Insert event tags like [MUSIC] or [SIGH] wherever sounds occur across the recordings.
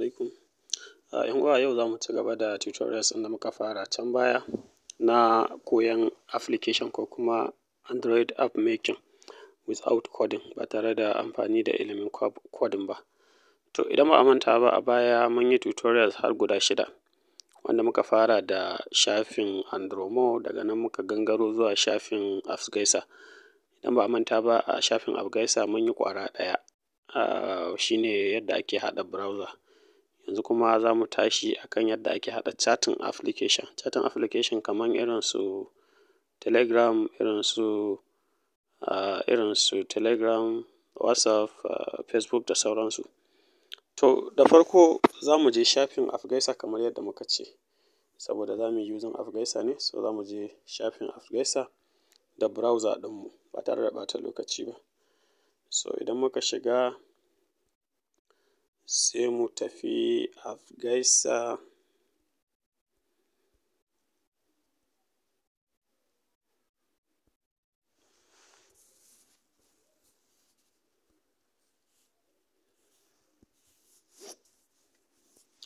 alaikum. Ah, yan uwa yau za mu ci gaba da tutorials ɗin da muka fara can baya na koyan application ko kuma Android app making without coding ba tare da amfani da ilimin coding ba. To idan ba a manta ba a baya mun yi tutorials har guda shida wanda muka fara da shafin Andromo daga nan muka gangaro zuwa shafin Apsgaisa. Idan ba a manta ba a shafin Apsgaisa mun yi kwara ɗaya, ah, shi ne yadda ake haɗa browser. Yanzu kuma za mu tashi a kan yadda ake haɗa chatting application. Chatting application kaman irin su Telegram, irin su, ah, irin su Telegram, WhatsApp, ah, Facebook da sauransu. To, da farko za mu je shafin app kamar yadda muka ce saboda za mu yi using app ne. So za mu je shafin app da browser ɗinmu ba tare da ɓata lokaci ba. So idan muka shiga. sai mu tafi Afgaisa.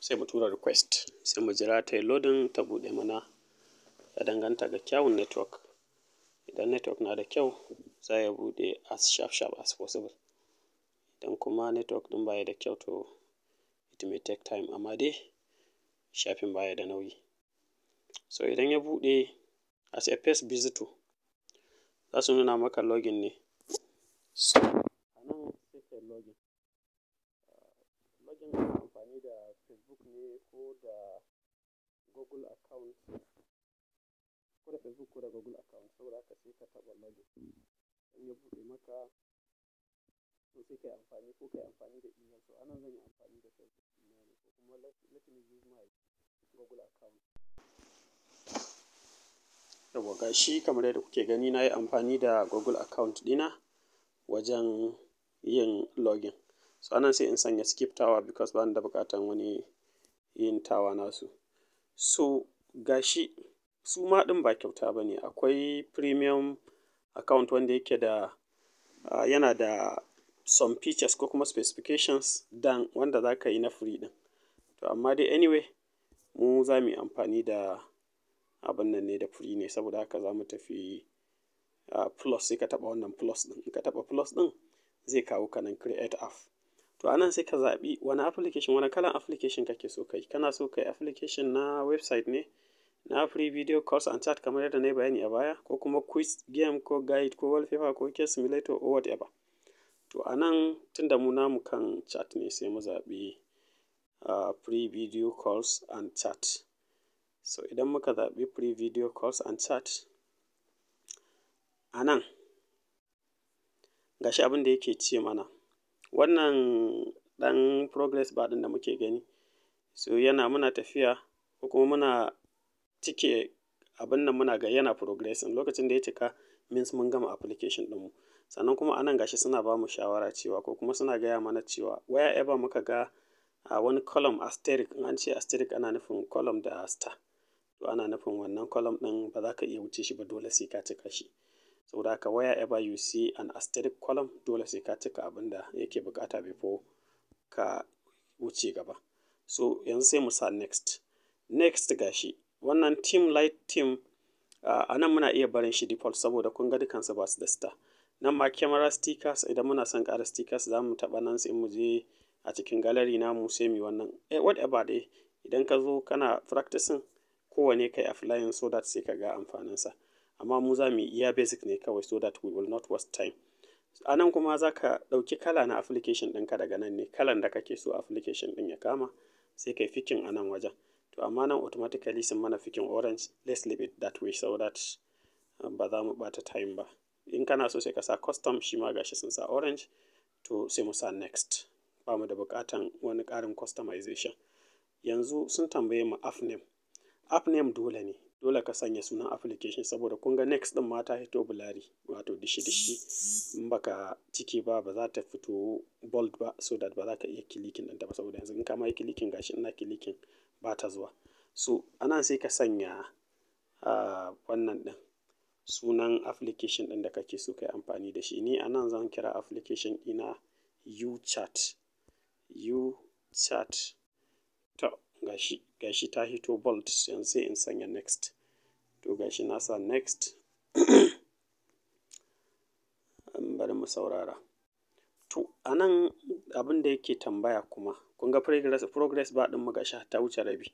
sai mu tura request sai mu jira ta yi loading ta buɗe mana ya danganta ga kyawun network idan network na da kyau za ya buɗe as sharp sharp as possible. Idan kuma network ɗin baya da kyau to it may take time amma dai shafin baya da nauyi. So idan ya buɗe as a first visitor za su nuna maka login ne. So a nan sai kai login. Ah, login ana amfani da Facebook ne ko da Google account. Ko da Facebook ko da Google account saboda haka sai ka taɓa login. In ya buɗe maka. to sai kai amfani ko kai amfani da email so anan zan yi amfani da facebook email ko kuma let, me use my google account yawa ga shi kamar yadda kuke gani na yi amfani da google account dina wajen yin login so anan sai in sanya skip tower because ba da bukatan wani yin tawa nasu so gashi su ma ɗin ba kyauta ba ne akwai premium account wanda yake da uh, yana da some features ko kuma specifications dan wanda za ka yi na free din To amma dai anyway mu za mu yi amfani da abin nan ne da free ne saboda haka za mu tafi plus sai ka taɓa wannan plus ɗin. In ka taba plus ɗin zai kawo ka nan create app. To anan sai ka zabi wani application wani kalan application kake so ka Kana so ka yi application na website ne, na free video course and chat kamar yadda na yi bayani a baya ko kuma quiz game ko guide ko wallpaper ko case simulator or whatever. To a nan tun da mu namu kan chat ne sai mu zaɓi uh, video calls and chat. So idan muka zaɓi pre video calls and chat a nan gashi abin da yake ce mana wannan ɗan progress ba ɗin da muke gani so yana muna tafiya ko kuma muna cike abin nan muna ga yana progressing lokacin da ya cika means mun gama application ɗinmu. sannan kuma anan gashi suna ba mu shawara cewa ko kuma suna gaya mana cewa waya ever muka ga a wani column asterisk in an ce asterisk ana nufin column da star to ana nufin wannan column ɗin ba za ka iya wuce shi ba dole sai ka cika shi saboda haka waya ever you see an asterisk column dole sai ka cika abin da yake bukata before ka wuce gaba so yanzu sai mu sa next next gashi wannan team light team a nan muna iya barin shi default saboda kun ga dukansu ba su da star nan ma kyamara stickers idan muna son kara stickers za mu taɓa nan sai mu je a cikin gallery namu sai mu wannan eh whatever dai idan ka zo kana practicing kowane kai applying so that sai ka ga amfanin sa amma mu za mu iya basic ne kawai so that we will not waste time a nan kuma za ka ɗauki kala na application ɗinka daga nan ne kalan da kake so application ɗin ya kama sai kai fikin a nan wajen to amma nan automatically sun mana fikin orange let's leave it that way so that um, ba za mu ɓata time ba in kana so sai ka sa custom shi ma gashi sun sa orange to sai mu sa next ba mu da buƙatan wani karin customization yanzu sun tambaye mu app name app name dole ne dole ka sanya sunan application saboda kun ga next din ma ta hito bulari wato dishi dishi in baka ciki ba ba za ta fito bold ba so that ba za ka iya kilikin din ta ba saboda yanzu in ka ma yi kilikin gashi ina kilikin ba ta zuwa so anan sai ka sanya ah, wannan din sunan application ɗin da kake so kai amfani da shi. Ni a nan zan kira application ɗina UChat, UChat. To gashi, gashi ta hito bold yanzu sai in sanya next. To gashi na sa next. [CLEARS THROAT] an Bari mu saurara. To a nan abin da yake tambaya kuma kun ga progress, progress ɗin mu gashi ta wuce rabi.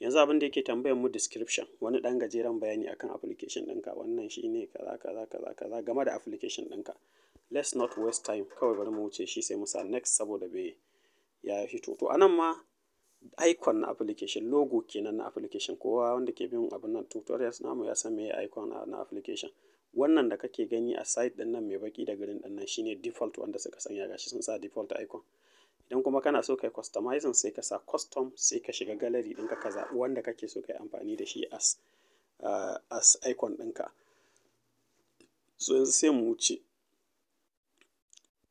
yanzu abin da yake tambayar mu description wani dan gajeren bayani akan application ɗinka wannan shi ne kaza kaza kaza kaza game da application ɗinka let's not waste time kawai bari mu wuce shi sai mu sa next saboda bai ya fito to anan ma icon na application logo kenan na application kowa wanda ke bin abin nan tutorials namu ya san me icon na application wannan da kake gani a site ɗin nan mai baki da green ɗin nan shine default wanda suka sanya gashi sun sa default icon idan kuma kana so kai customizing sai ka sa custom sai ka shiga gallery ɗinka ka zaɓi wanda kake so kai amfani da shi as uh, as icon ɗinka so yanzu sai mu wuce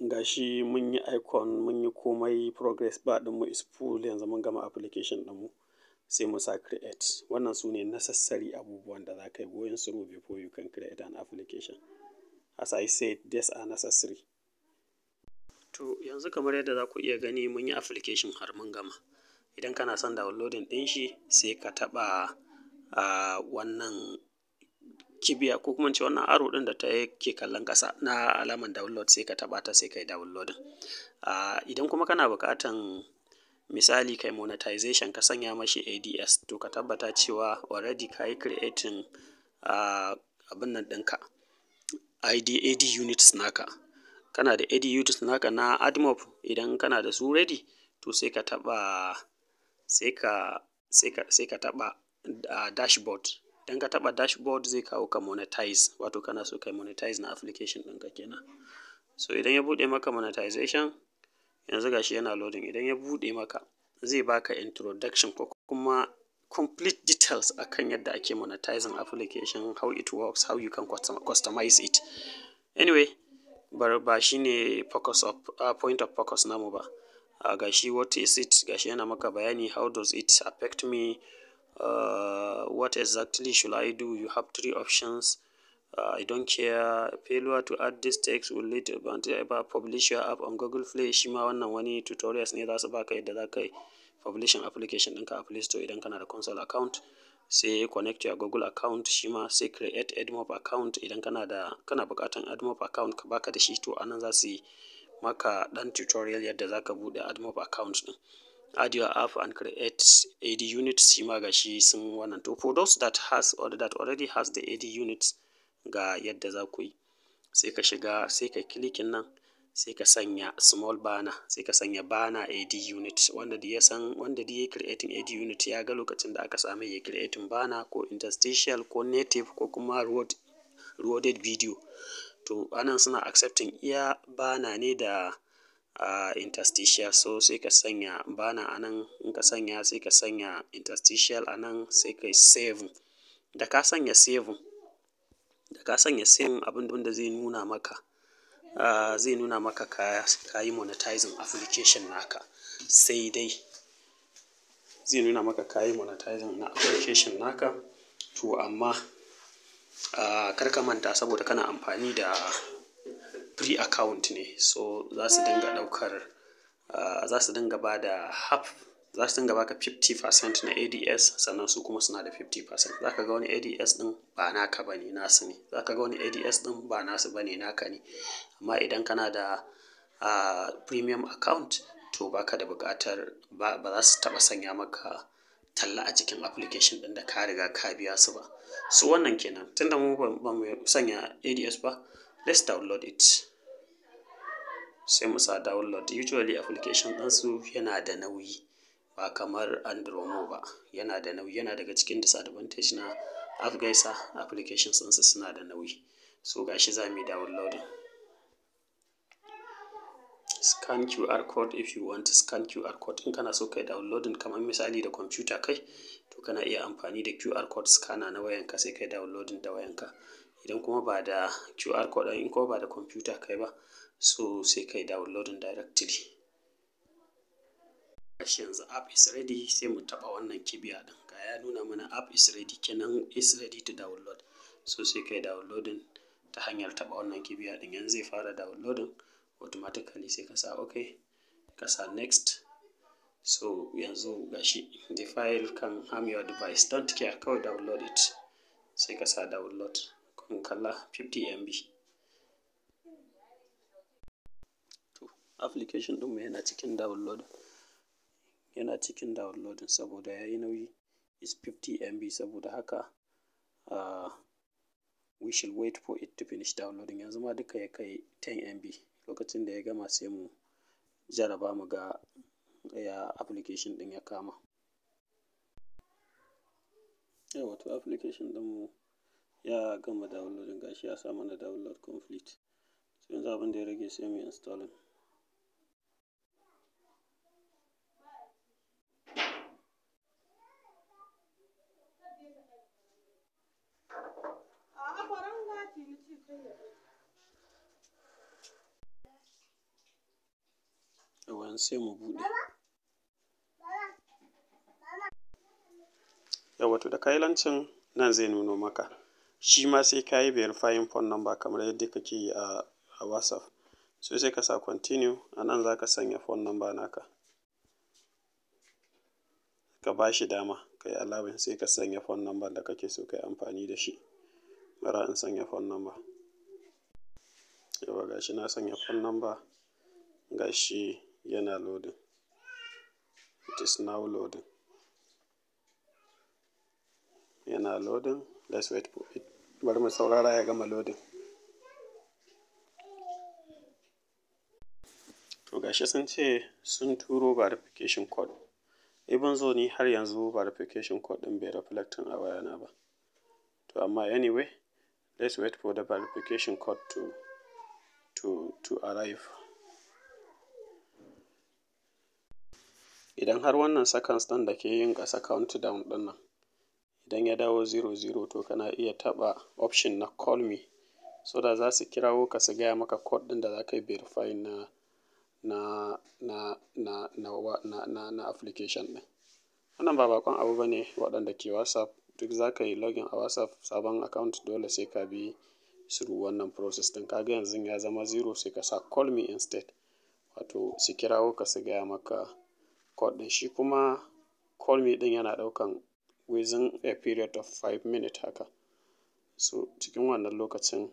gashi mun yi icon mun yi komai progress din ɗinmu is full yanzu mun gama application ɗinmu sai mu sa create wannan su ne necessary abubuwan da za ka yi goyon su before you can create an application as i said this are necessary To yanzu kamar yadda za ku iya gani mun yi application har mun gama. Idan kana son downloading ɗin shi sai ka taɓa a wannan kibiya ko kuma ce wannan aro ɗin da ta yake kallon ƙasa na alamar download sai ka taɓa ta sai ka yi downloading. Idan kuma kana buƙatan misali kai monetization ka sanya mashi ADS to ka tabbata cewa already ka yi creating abin nan ɗinka ID AD units naka. kana da edutils naka na admob idan kana da su redi to sai ka taɓa sai ka sai ka sai ka taɓa dashboard idan ka taɓa dashboard zai kawo ka monetize wato kana so kai monetize na application ɗinka kenan so idan ya buɗe maka monetization yanzu gashi yana loading idan ya buɗe maka zai baka introduction ko kuma complete details akan yadda ake monetizing application how it works how you can customize it anyway ba shine focus of, uh, point of focus namu ba. Uh, gashi what is it? Gashi yana maka bayani how does it affect me? Uh, what exactly should I do? You have three options. Uh, I don't care. Failure to add this text will lead to ever publish your app on Google Play. Shi ma wannan wani tutorials ne za su baka yadda za ka yi publishing application ɗinka a Play Store idan kana da console account. sai ya connect your Google account shi ma sai create AdMob account idan kana da kana buƙatan AdMob account ka baka da shi to anan za su yi maka ɗan tutorial yadda za ka buɗe AdMob account ɗin. Add your app and create AD units shi ma ga shi sun wannan to for those that has or that already has the AD units ga yadda za ku yi sai ka shiga sai ka clicking nan sai ka sanya small banner sai ka sanya banner AD unit wanda da ya san wanda da ya creating AD unit ya ga lokacin da aka samu ya creating banner ko interstitial ko native ko kuma road loaded video to anan suna accepting iya bana ne da uh, interstitial so sai ka sanya bana anan in ka sanya sai ka sanya interstitial anan sai ka save da ka sanya save da ka sanya save abin da zai nuna maka Ah, zai nuna maka ka yi monetizing application naka sai dai zai nuna maka ka yi monetizing na application naka to amma ah, kar ka manta saboda kana amfani da free account ne so za su dinga daukar ah, za su dinga ba da half za su dinga baka 50% na ADS sannan su kuma suna da 50% za ka ga wani ADS ɗin ba naka ba ne nasu ne za ka ga wani ADS ɗin ba nasu ba ne naka ne amma idan kana da uh, premium account to baka da buƙatar ba za su taɓa sanya maka talla a cikin application ɗin da ka riga ka biya su ba su wannan kenan tunda mu ba mu sanya ADS ba let's download it sai mu sa download usually application ɗinsu yana da nauyi ba kamar Andromo ba yana da nauyi yana daga cikin disadvantage na Apgaisa applications ɗinsu suna da nauyi so gashi za mu yi downloading scan QR code if you want to scan QR code in kana so kai downloading kamar misali da computer kai to kana iya amfani da QR code scanner na wayanka sai kai downloading da wayanka idan kuma ba da QR code in kuma ba da computer kai ba so sai kai downloading directly shi yanzu app is ready sai mu taɓa wannan kibiya din ga ya nuna mana app is ready kenan is ready to download so sai kai downloading ta hanyar taba wannan kibiya ɗin yanzu zai fara downloading automatically sai ka sa ok ka sa next so yanzu gashi the file kan harm your device don't care kawai download it sai ka sa download kun kalla 50 mb application application ɗinmu yana cikin download yana cikin downloading saboda ya yi nauyi is 50 MB saboda haka uh, we shall wait for it to finish downloading yanzu ma duka ya kai 10 MB lokacin da ya gama sai mu jaraba mu ga ya application ɗin ya kama yawa to application ɗin mu ya gama downloading gashi ya sa mana download complete yanzu abin da ya rage sai mu installing nan sai mu buɗe. yawa to da ka nan zai nuno maka. Shi ma sai ka yi verifying phone number kamar yadda kake yi a, a WhatsApp. So sai ka sa continue a nan za ka sanya phone number naka. Ka ba shi dama ka yi allowing sai ka sanya phone number da kake so ka yi amfani da shi. Bara in sanya fon namba yawa gashi na sanya phone number. gashi. yana loading. It is now loading. Yana loading. Let's wait for it. Bari mu saurara ya gama loading. To gashi sun ce sun turo verification code. Even zo ni har yanzu verification code din bai reflectin a wayana ba. To amma anyway, let's wait for the verification code to to to arrive. Idan har wannan seconds ɗin da ke yin ƙasa countdown ɗinnan, idan ya dawo zero zero to kana iya taɓa option na call me. So da za su kirawo ka su gaya maka code ɗin da za ka yi verify na, na, na, na, na, na, na application ɗin. Wannan ba bakon abu ba ne waɗanda ke WhatsApp duk za ka yi login a WhatsApp sabon account dole sai ka bi through wannan process ɗin. Ka ga yanzu ya zama zero sai ka sa call me instead wato su kirawo ka su gaya maka. code ɗin shi kuma call me ɗin yana ɗaukan within a period of five minutes haka. So cikin wannan lokacin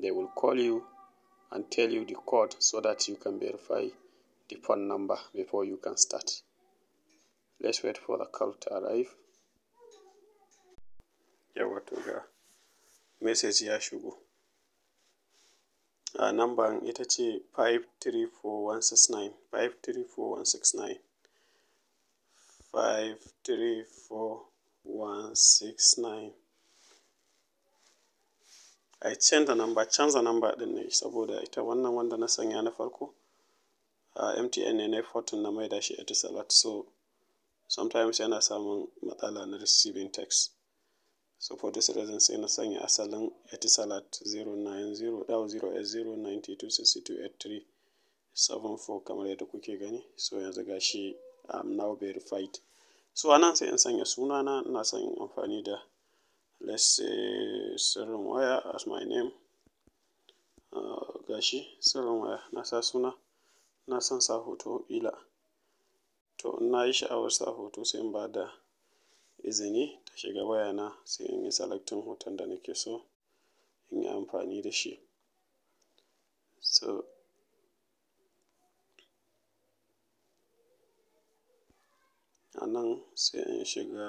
they will call you and tell you the code so that you can verify the phone number before you can start. Let's wait for the call to arrive. ya wato ga message ya shigo. A ah, number ita ce 534169, 534169. five three four one six nine. Ai canza number, canza namba ɗin ne saboda ita wannan wanda na sanya na farko a MTN ne na fortin na mai maida shi Etisalat so sometimes yana samun matsala na receiving text. So for this reason sai na sanya asalin Etisalat 090 080 92 62 84 74 kamar yadda kuke gani so yanzu gashi am um, now verified so nan sai in sanya sunana ina son yin amfani da let's say sirrin waya as my name uh, gashi sirrin waya na sa suna na son sa hoto ila to in na yi sha'awar sa hoto sai in ba da izini ta shiga wayana sai in yi selectin hoton da nake so in yi amfani da shi so a nan sai in shiga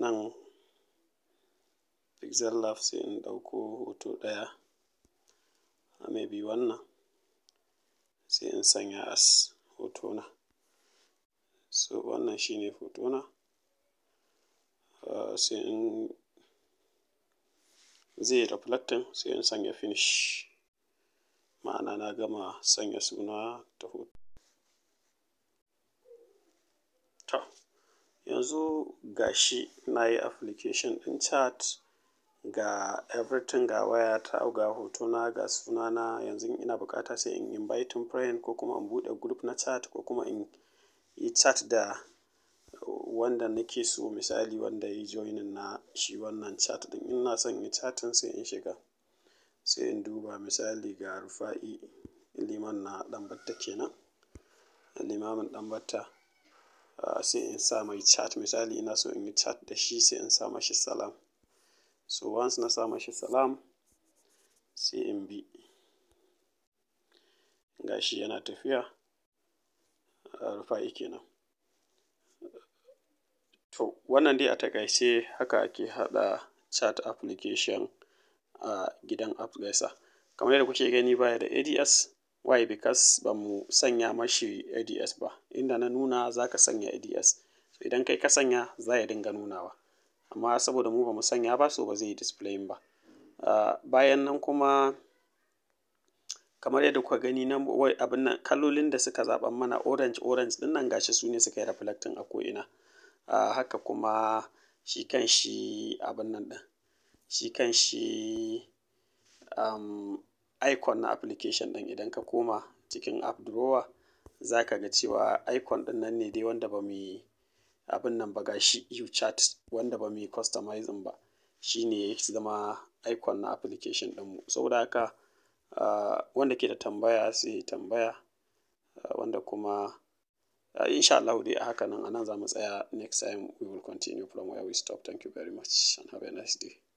nan pixel lab sai in ɗauko hoto ɗaya maybe wannan sai in sanya as hotona so wannan shine hotona na ah, sai in zai reflecting sai in sanya finish ma'ana na gama sanya suna ta hoto yanzu ga shi na yi application ɗin chat ga everything ga waya ta ga hotona ga sunana yanzu ina bukata sai in in friend ko kuma in buɗe group na chat ko kuma in yi chat da wanda nake so misali wanda ya yi na shi wannan chat ɗin in ina son in yi chatting sai in shiga sai in duba misali ga Rufa'i liman na ɗanbata kenan limamin ɗanbata. Ah, sai in sa mai chat misali ina so in yi chat da shi sai in sa mashi salam so once na sa mashi salam sai in bi ga shi yana tafiya ah, rufa kenan to wannan dai a takaice haka ake haɗa chat application a gidan app kamar yadda kuke gani baya da ads Why? Because ba mu sanya mashi ADS ba. Inda na nuna za ka sanya ADS. So idan kai ka sanya za ya dinga nunawa. Amma saboda mu ba mu sanya ba so ba zai yi ba. Uh, bayan nan kuma kamar yadda kuka gani nan wai abin nan kalolin da suka zaɓa mana orange orange ɗin nan gashi su ne suka yi reflecting a ko'ina. Uh, haka kuma shi kan shi abin nan ɗin. Shi kan shi um, icon na application ɗin idan ka koma cikin app drawer za ka ga cewa icon ɗin nan ne dai wanda ba mu yi abin nan ba gashi chat wanda ba mu yi customizing ba shi ne ya zama icon na application mu saboda haka uh, wanda ke da tambaya sai tambaya uh, wanda kuma uh, insha Allah dai a haka nan anan za mu tsaya next time we will continue from where we stop thank you very much and have a nice day